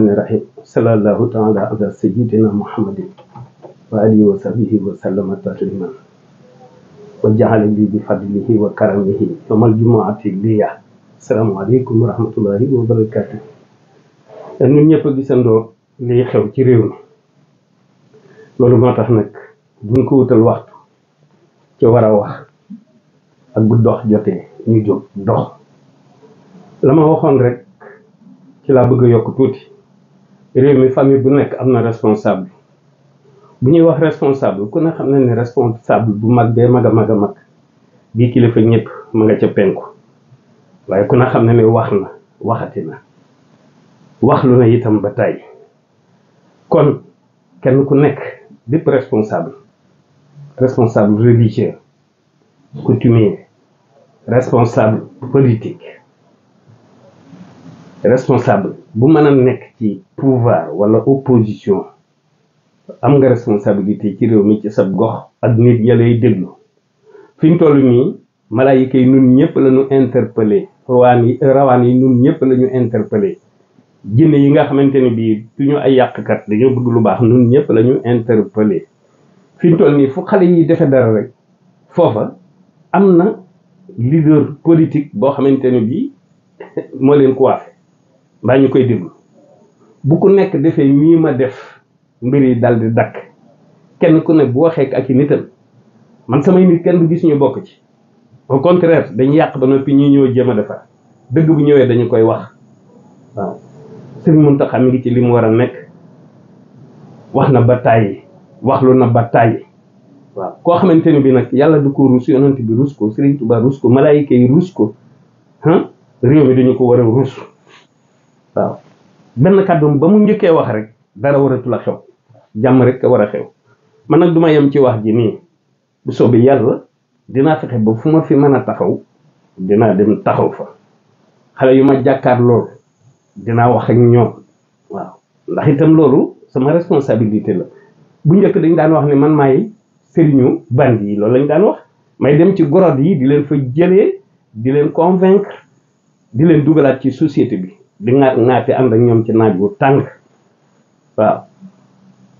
rahmaani rahim sallallahu taala ala sayidina muhammadin wa alihi wa sahbihi wa sallama bi bi fadlihi wa karamihi jumaati liya asalaamaaleykum wa rahmatullahi wa barakaatu ñun ñëpp gisandoo liy xew ci réew mi loolu moo tax nag buñ ko wutal waxtu ci war a wax ak bu dox jotee ñu jóg dox la ma waxoon rek ci laa bëgg yokk tuuti réew mi famille bu nekk am na responsable bu ñuy wax responsable ku ne xam na ne responsable bu mag bee mag a mag a mag bii kilifa ñëpp ma nga ca penku waaye ku ne xam na ni wax na waxati na wax na itam ba tàyyi kon kenn ku nekk bépp responsable responsable religieux coutumier responsable politique responsable bu mën a nekk ci pouvoir wala opposition am nga responsabilité ci réew mi ci sab gox ak nit ña lay déglu fi mu toll nii malaayika yi nun ñëpp lañu ñu interpellé rawaan yi rawaan yi nun ñëpp lañu ñu interpellé jinne yi nga xamante ne bii du ñu ay yàqkat dañoo bëgg lu baax nun ñëpp lañu ñu interpellé fi mu toll nii fu xale yi defe dara rek foofa am na leader politique boo xamante ne bii moo leen ko waaf mbaa ñu koy déglu bu ku nekk defee nii ma def mbir yi dal di dakk kenn ku ne bu waxee ak i nitam man samay nit kenn du gis ñu bokk ci au contraire dañu yàq ba noppi ñuy ñëw jéem a defar dëgg bu ñëwee dañu koy wax waaw Sëriñ Muntaxa mi ngi ci li mu war a nekk wax na ba tàyyi waxlu na ba tàyyi waaw koo xamante ni bi nag yàlla du ko ruus yonent bi ruus ko Sëriñ Tuubaa ruus ko malaayika yi ruus ko ah réew mi dañu ko war a ruus waaw benn kàddu ba mu njëkkee wax rek dara waratul a xew jàmm rek war a xew man nag du ma yem ci wax ji nii bu soobee yàlla dinaa fexe ba fu ma fi mën a taxaw dinaa dem taxaw fa xale yu ma jàkkaar lool dinaa wax ak ñoom waaw ndax itam loolu sama responsabilité la bu njëkk dañ daan wax ne man maay sëriñu band yi loolu lañ daan wax may dem ci gorod yi di leen fa jëlee di leen convaincre di leen dugalaat ci société bi di naat naati ànd ak ñoom ci naaj wu tàng waaw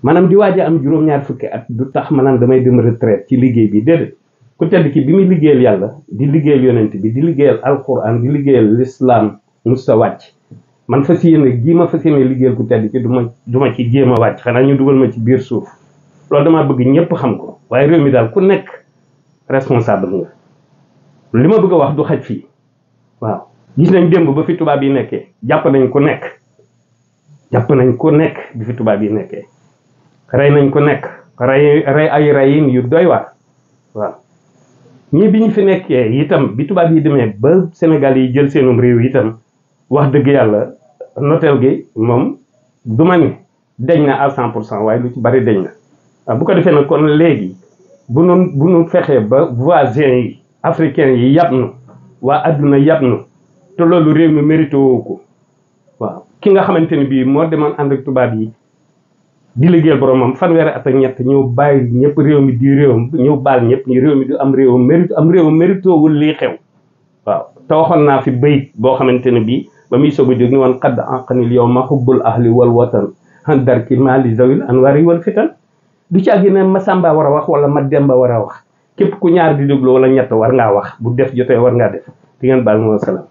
maanaam di waaj am juróom-ñaar fukki at du tax maanaam damay dem retraite ci liggéey bi déedéet ku tedd ki bi muy liggéeyal yàlla di liggéeyal yonent bi di liggéeyal alquran di liggéeyal lislaam musta wàcc man fas yéene gii ma fas yéene liggéeyal ku tedd ki du ma du ci jéema a wàcc xanaa ñu dugal ma ci biir suuf loolu damaa bëgg ñëpp xam ko waaye réew mi daal ku nekk responsable nga li ma bëgg a wax du xaj gis nañ démb ba fi tubaab yi nekkee jàpp nañ ku nekk jàpp nañ ku nekk bi fi tubaab yi nekkee rey nañ ku nekk rey rey ay reyin yu doy waar ñii bi ñu fi nekkee itam bi tubaab yi demee ba Sénégal yi jël seenum réew yi itam wax dëgg yàlla notel gi moom du ma ni deñ na à cent pour cent waaye lu ci bari deñ na ah, bu ko defee nag kon léegi bu nu bu nu fexee ba voisins yi africains yi yàpp nu waa adduna yàpp nu te loolu réew mi mérité woo waaw ki nga xamante ne bii moo demoon ànd ak tubaab yi di liggéeyal boromam fanweeri at ak ñett ñëw bàyyi ñëpp réew mi di réewam ñëw baal ñëpp réew mi du am réewam mérite am réewam mérité wul lii xew waaw te waxoon naa fi bayit boo xamante ne bii ba muy soog a jóg ni woon xadd anqanil yow ma xubbul ahli wal watan han darki ma li zawil anwari wal fitan du ci àgg ma Samba war a wax wala ma Demba war a wax képp ku ñaar di déglu wala ñett war ngaa wax bu def jotee war